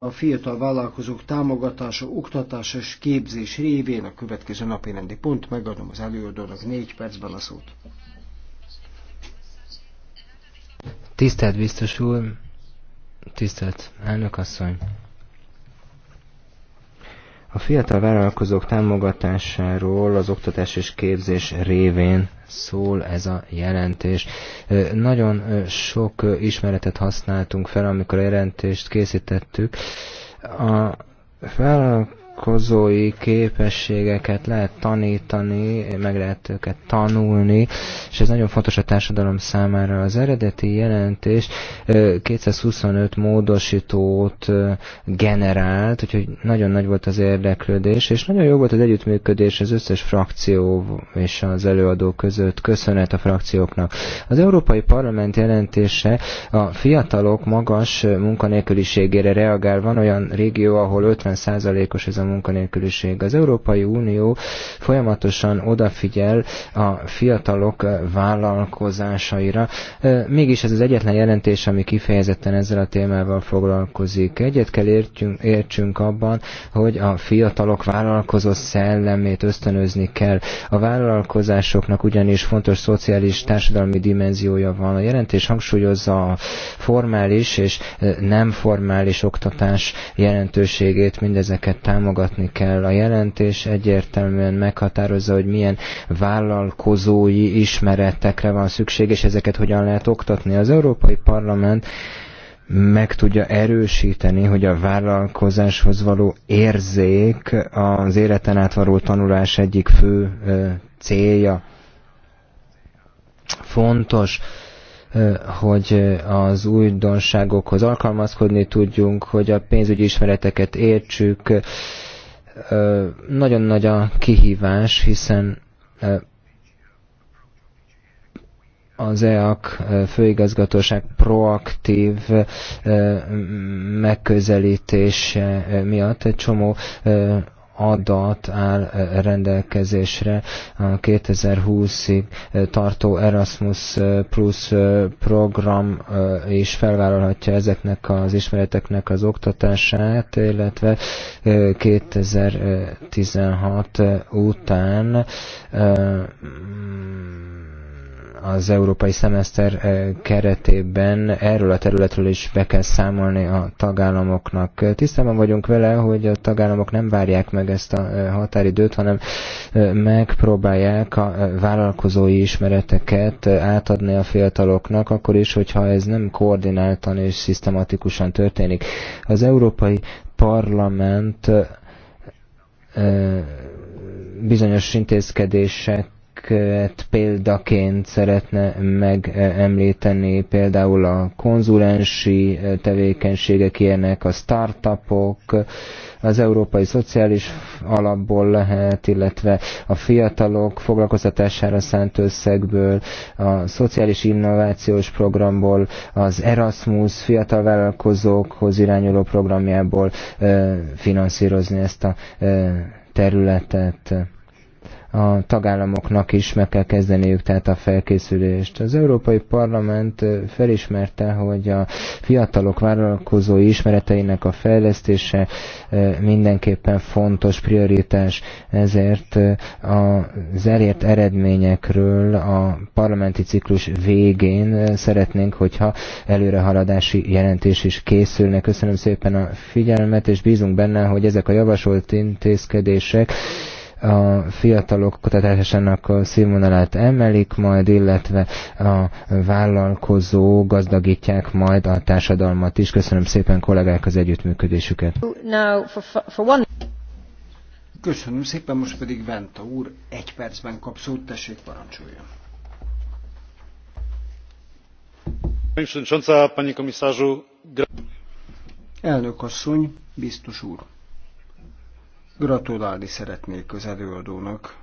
a fiatal vállalkozók támogatása, oktatása és képzés révén a következő napi rendi pont. Megadom az előadónak négy percben a szót. Tisztelt biztos úr, tisztelt elnök asszony, a fiatal vállalkozók támogatásáról az oktatás és képzés révén szól ez a jelentés. Nagyon sok ismeretet használtunk fel, amikor a jelentést készítettük. A fel vonatkozói képességeket lehet tanítani, meg lehet őket tanulni, és ez nagyon fontos a társadalom számára. Az eredeti jelentés 225 módosítót generált, úgyhogy nagyon nagy volt az érdeklődés, és nagyon jó volt az együttműködés az összes frakció és az előadó között. Köszönet a frakcióknak. Az Európai Parlament jelentése a fiatalok magas munkanélküliségére reagál. Van olyan régió, ahol 50%-os ez a munkanélküliség, munkanélküliség. Az Európai Unió folyamatosan odafigyel a fiatalok vállalkozásaira. Mégis ez az egyetlen jelentés, ami kifejezetten ezzel a témával foglalkozik. Egyet kell értjünk, értsünk abban, hogy a fiatalok vállalkozó szellemét ösztönözni kell. A vállalkozásoknak ugyanis fontos szociális társadalmi dimenziója van. A jelentés hangsúlyozza a formális és nem formális oktatás jelentőségét, mindezeket támogatja támogatni kell. A jelentés egyértelműen meghatározza, hogy milyen vállalkozói ismeretekre van szükség, és ezeket hogyan lehet oktatni. Az Európai Parlament meg tudja erősíteni, hogy a vállalkozáshoz való érzék az életen át való tanulás egyik fő célja. Fontos, hogy az újdonságokhoz alkalmazkodni tudjunk, hogy a pénzügyi ismereteket értsük, nagyon nagy a kihívás, hiszen az EAK főigazgatóság proaktív megközelítése miatt egy csomó adat áll e, rendelkezésre a 2020-ig e, tartó Erasmus e, Plus program is felvállalhatja ezeknek az ismereteknek az oktatását, illetve 2016 után az európai szemeszter eh, keretében erről a területről is be kell számolni a tagállamoknak. Eh, tisztában vagyunk vele, hogy a tagállamok nem várják meg ezt a eh, határidőt, hanem megpróbálják a vállalkozói ismereteket átadni a fiataloknak, akkor is, hogyha ez nem koordináltan és szisztematikusan történik. Az Európai Parlament bizonyos intézkedések amelyeket példaként szeretne megemlíteni, például a konzulensi eh, tevékenységek ilyenek, a startupok, az Európai Szociális Alapból lehet, illetve a fiatalok foglalkoztatására szánt összegből, a Szociális Innovációs Programból, az Erasmus fiatal vállalkozókhoz irányuló programjából eh, finanszírozni ezt a eh, területet a tagállamoknak is meg kell kezdeniük tehát a felkészülést. Az Európai Parlament felismerte, hogy a fiatalok vállalkozói ismereteinek a fejlesztése mindenképpen fontos prioritás, ezért az elért eredményekről a parlamenti ciklus végén szeretnénk, hogyha előrehaladási jelentés is készülne. Köszönöm szépen a figyelmet, és bízunk benne, hogy ezek a javasolt intézkedések a fiatalok kutatásának a színvonalát emelik majd, illetve a vállalkozó gazdagítják majd a társadalmat is. Köszönöm szépen kollégák az együttműködésüket. Köszönöm szépen, most pedig Venta úr egy percben kap szót, tessék parancsoljon. Elnök asszony, biztos úr! Gratulálni szeretnék az előadónak,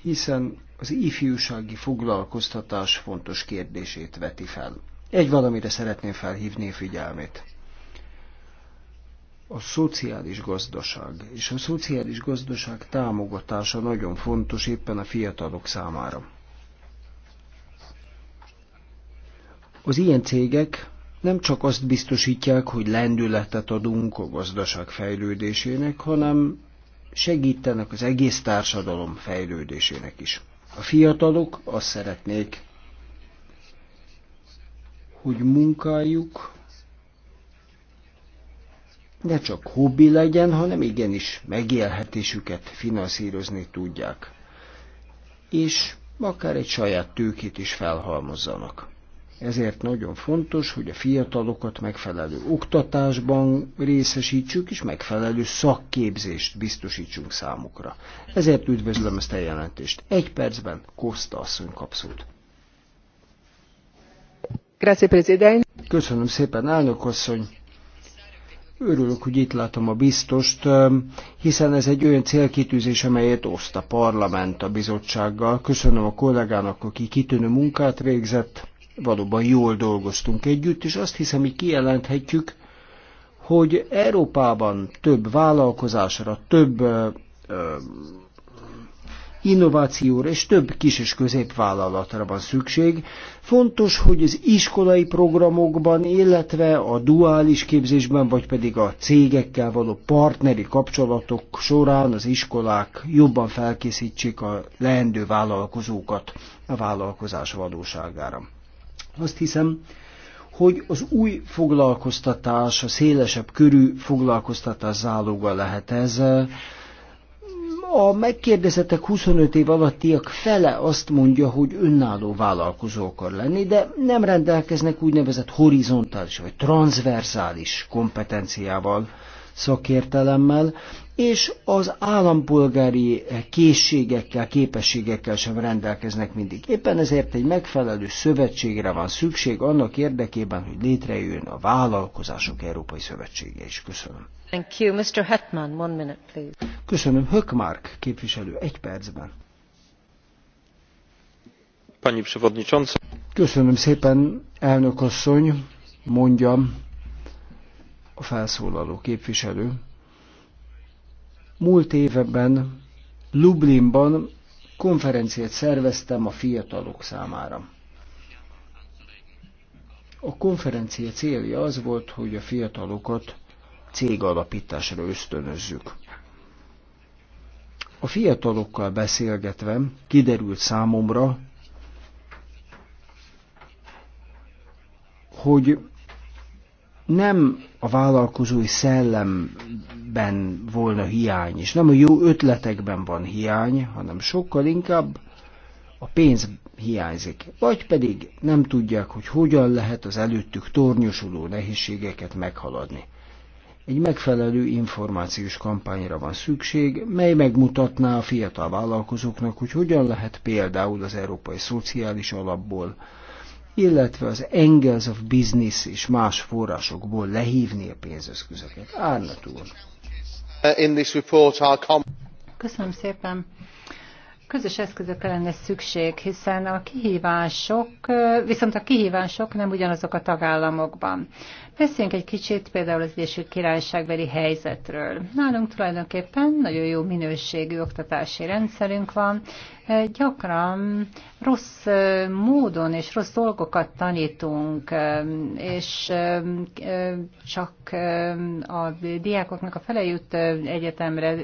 hiszen az ifjúsági foglalkoztatás fontos kérdését veti fel. Egy valamire szeretném felhívni figyelmét. A szociális gazdaság és a szociális gazdaság támogatása nagyon fontos éppen a fiatalok számára. Az ilyen cégek nem csak azt biztosítják, hogy lendületet adunk a gazdaság fejlődésének, hanem segítenek az egész társadalom fejlődésének is. A fiatalok azt szeretnék, hogy munkájuk ne csak hobbi legyen, hanem igenis megélhetésüket finanszírozni tudják. És akár egy saját tőkét is felhalmozzanak. Ezért nagyon fontos, hogy a fiatalokat megfelelő oktatásban részesítsük, és megfelelő szakképzést biztosítsunk számukra. Ezért üdvözlöm ezt a jelentést. Egy percben Koszta asszony kapszót. Köszönöm szépen, elnök asszony. Örülök, hogy itt látom a biztost, hiszen ez egy olyan célkitűzés, amelyet oszt a parlament a bizottsággal. Köszönöm a kollégának, aki kitűnő munkát végzett valóban jól dolgoztunk együtt, és azt hiszem, hogy kijelenthetjük, hogy Európában több vállalkozásra, több ö, ö, innovációra és több kis- és középvállalatra van szükség. Fontos, hogy az iskolai programokban, illetve a duális képzésben, vagy pedig a cégekkel való partneri kapcsolatok során az iskolák jobban felkészítsék a leendő vállalkozókat a vállalkozás valóságára. Azt hiszem, hogy az új foglalkoztatás, a szélesebb körű foglalkoztatás záloga lehet ez. A megkérdezettek 25 év alattiak fele azt mondja, hogy önálló vállalkozó akar lenni, de nem rendelkeznek úgynevezett horizontális vagy transzverzális kompetenciával szakértelemmel, és az állampolgári készségekkel, képességekkel sem rendelkeznek mindig. Éppen ezért egy megfelelő szövetségre van szükség annak érdekében, hogy létrejön a Vállalkozások Európai Szövetsége is. Köszönöm. Thank you. Mr. Hetman, one minute, please. Köszönöm. Hökmark képviselő, egy percben. Pani Przewodnicząca. Köszönöm szépen, elnök asszony, mondjam a felszólaló képviselő. Múlt éveben Lublinban konferenciát szerveztem a fiatalok számára. A konferencia célja az volt, hogy a fiatalokat cégalapításra ösztönözzük. A fiatalokkal beszélgetve kiderült számomra, hogy nem a vállalkozói szellemben volna hiány, és nem a jó ötletekben van hiány, hanem sokkal inkább a pénz hiányzik, vagy pedig nem tudják, hogy hogyan lehet az előttük tornyosuló nehézségeket meghaladni. Egy megfelelő információs kampányra van szükség, mely megmutatná a fiatal vállalkozóknak, hogy hogyan lehet például az Európai Szociális Alapból illetve az Engels of Business és más forrásokból lehívni a pénzeszközöket. Árnat úr. Uh, Köszönöm szépen. Közös eszközökre lenne szükség, hiszen a kihívások, uh, viszont a kihívások nem ugyanazok a tagállamokban. Beszéljünk egy kicsit például az Egyesült Királyságbeli helyzetről. Nálunk tulajdonképpen nagyon jó minőségű oktatási rendszerünk van, gyakran rossz módon és rossz dolgokat tanítunk, és csak a diákoknak a fele jut egyetemre,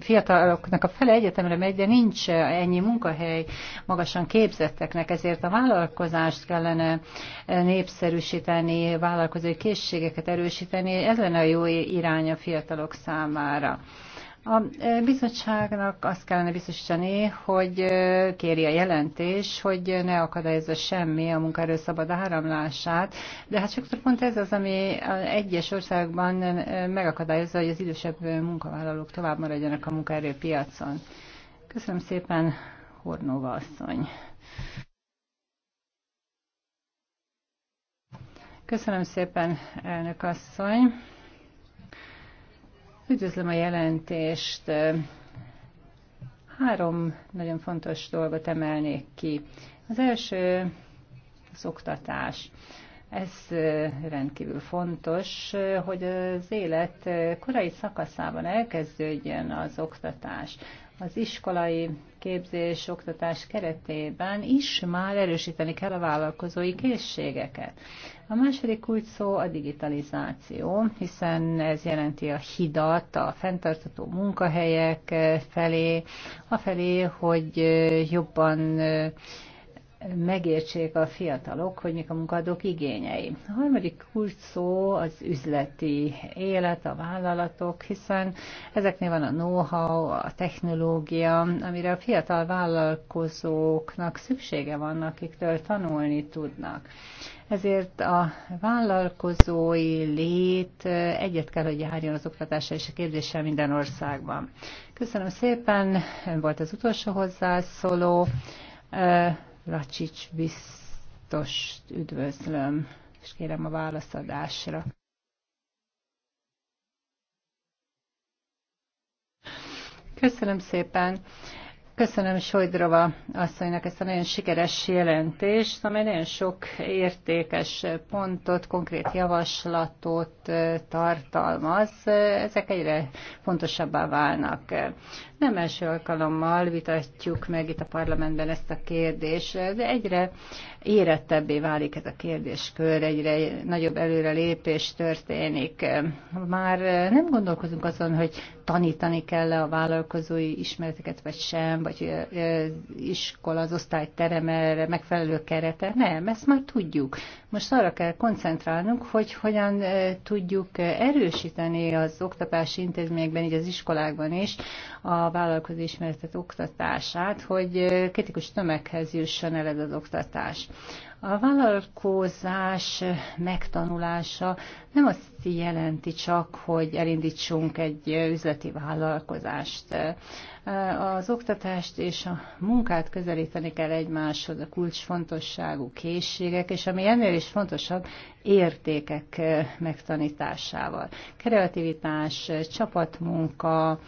fiataloknak a fele egyetemre megy, de nincs ennyi munkahely magasan képzetteknek, ezért a vállalkozást kellene népszerűsíteni, vállalkozói készségeket erősíteni, ez lenne a jó irány a fiatalok számára. A e, bizottságnak azt kellene biztosítani, hogy e, kéri a jelentés, hogy ne akadályozza semmi a munkaerő szabad áramlását, de hát sokszor pont ez az, ami egyes országban e, megakadályozza, hogy az idősebb munkavállalók tovább maradjanak a munkaerőpiacon. Köszönöm szépen, Hornóva asszony. Köszönöm szépen, elnök asszony. Üdvözlöm a jelentést. Három nagyon fontos dolgot emelnék ki. Az első az oktatás. Ez rendkívül fontos, hogy az élet korai szakaszában elkezdődjön az oktatás az iskolai képzés, oktatás keretében is már erősíteni kell a vállalkozói készségeket. A második kulcs szó a digitalizáció, hiszen ez jelenti a hidat a fenntartató munkahelyek felé, afelé, hogy jobban megértsék a fiatalok, hogy mik a munkadók igényei. A harmadik kulcs szó az üzleti élet, a vállalatok, hiszen ezeknél van a know-how, a technológia, amire a fiatal vállalkozóknak szüksége van, akiktől tanulni tudnak. Ezért a vállalkozói lét egyet kell, hogy járjon az oktatással és a képzéssel minden országban. Köszönöm szépen, volt az utolsó hozzászóló. Lacsics biztos üdvözlöm, és kérem a válaszadásra. Köszönöm szépen. Köszönöm Sojdrova asszonynak ezt a nagyon sikeres jelentést, amely nagyon sok értékes pontot, konkrét javaslatot tartalmaz. Ezek egyre fontosabbá válnak. Nem első alkalommal vitatjuk meg itt a parlamentben ezt a kérdést, de egyre érettebbé válik ez a kérdéskör, egyre nagyobb előrelépés történik. Már nem gondolkozunk azon, hogy tanítani kell -e a vállalkozói ismereteket, vagy sem, vagy iskola, az osztályterem erre megfelelő kerete. Nem, ezt már tudjuk. Most arra kell koncentrálnunk, hogy hogyan tudjuk erősíteni az oktatási intézményekben, így az iskolákban is a vállalkozói ismeretet oktatását, hogy kritikus tömeghez jusson el ez az oktatás. A vállalkozás megtanulása nem azt jelenti csak, hogy elindítsunk egy üzleti vállalkozást. Az oktatást és a munkát közelíteni kell egymáshoz, a kulcsfontosságú készségek, és ami ennél is fontosabb, értékek megtanításával. Kreativitás, csapatmunka,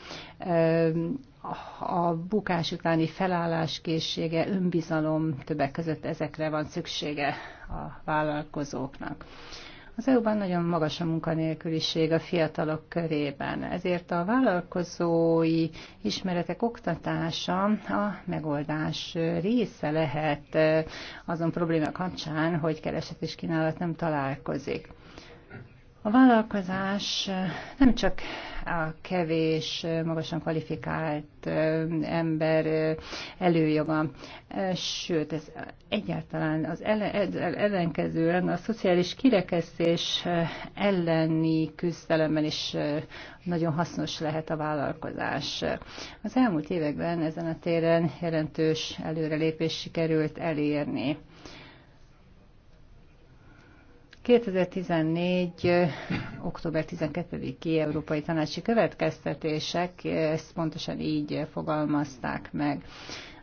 a bukás utáni felállás készsége, önbizalom, többek között ezekre van szüksége a vállalkozóknak. Az EU-ban nagyon magas a munkanélküliség a fiatalok körében, ezért a vállalkozói ismeretek oktatása a megoldás része lehet eh, azon problémák kapcsán, hogy kereset és kínálat nem találkozik. A vállalkozás eh, nem csak a kevés, eh, magasan kvalifikált eh, ember előjoga, sőt, ez egyáltalán az ellenkezően a szociális kirekesztés elleni küzdelemben is nagyon hasznos lehet a vállalkozás. Az elmúlt években ezen a téren jelentős előrelépés sikerült elérni. 2014. október 12-i Európai Tanácsi Következtetések ezt pontosan így fogalmazták meg.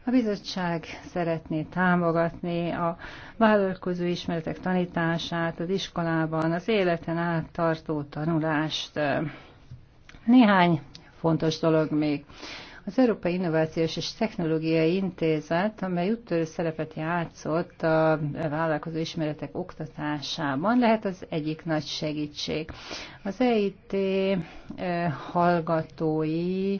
A bizottság szeretné támogatni a vállalkozó ismeretek tanítását az iskolában, az életen át tartó tanulást. Néhány fontos dolog még. Az Európai Innovációs és Technológiai Intézet, amely úttörő szerepet játszott a vállalkozó ismeretek oktatásában, lehet az egyik nagy segítség. Az EIT eh, hallgatói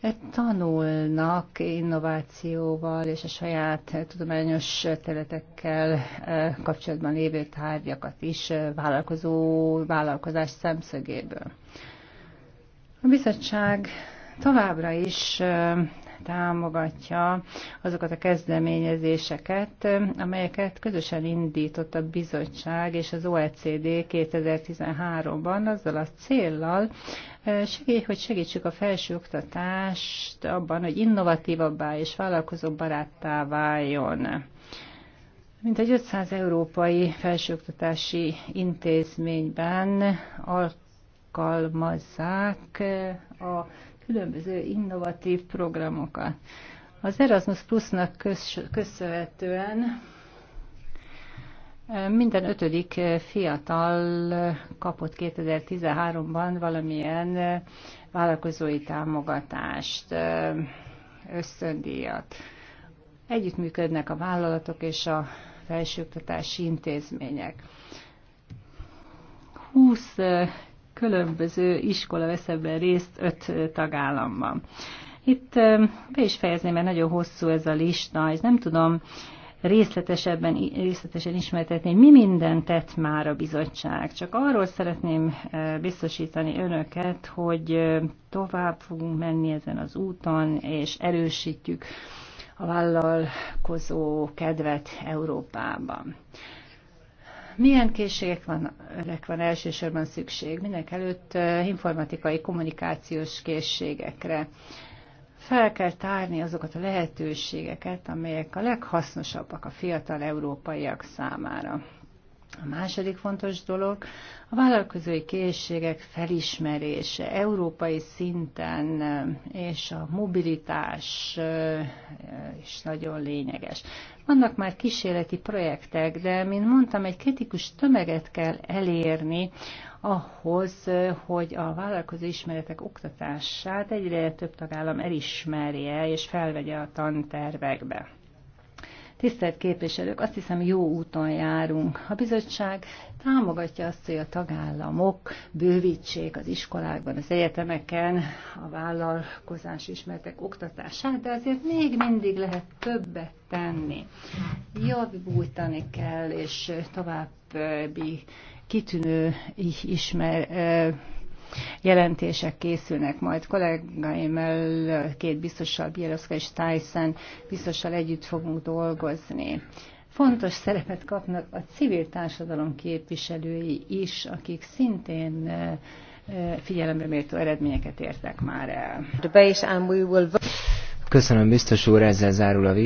eh, tanulnak innovációval és a saját eh, tudományos területekkel kapcsolatban lévő tárgyakat is vállalkozó vállalkozás szemszögéből. A bizottság továbbra is támogatja azokat a kezdeményezéseket, amelyeket közösen indított a bizottság és az OECD 2013-ban azzal a céllal, hogy segítsük a felsőoktatást abban, hogy innovatívabbá és baráttá váljon. Mint egy 500 európai felsőoktatási intézményben alkalmazzák a különböző innovatív programokat. Az Erasmus Plusnak köszönhetően minden ötödik fiatal kapott 2013-ban valamilyen vállalkozói támogatást, ösztöndíjat. Együttműködnek a vállalatok és a felsőoktatási intézmények. 20 különböző iskola vesz ebben részt öt tagállamban. Itt be is fejezném, mert nagyon hosszú ez a lista, és nem tudom részletesebben, részletesen ismertetni, hogy mi mindent tett már a bizottság. Csak arról szeretném biztosítani önöket, hogy tovább fogunk menni ezen az úton, és erősítjük a vállalkozó kedvet Európában. Milyen készségek van, van elsősorban szükség? Mindenek előtt informatikai, kommunikációs készségekre. Fel kell tárni azokat a lehetőségeket, amelyek a leghasznosabbak a fiatal európaiak számára. A második fontos dolog a vállalkozói készségek felismerése európai szinten, és a mobilitás eh, is nagyon lényeges. Vannak már kísérleti projektek, de, mint mondtam, egy kritikus tömeget kell elérni ahhoz, hogy a vállalkozó ismeretek oktatását egyre több tagállam elismerje és felvegye a tantervekbe. Tisztelt képviselők, azt hiszem jó úton járunk. A bizottság támogatja azt, hogy a tagállamok bővítsék az iskolákban, az egyetemeken a vállalkozás ismertek oktatását, de azért még mindig lehet többet tenni. Javítani kell, és további kitűnő ismer, jelentések készülnek. Majd kollégáimmal, két biztossal, Bieloszka és Tyson biztossal együtt fogunk dolgozni. Fontos szerepet kapnak a civil társadalom képviselői is, akik szintén e, e, figyelemre méltó eredményeket értek már el. Köszönöm, biztos úr, ezzel zárul a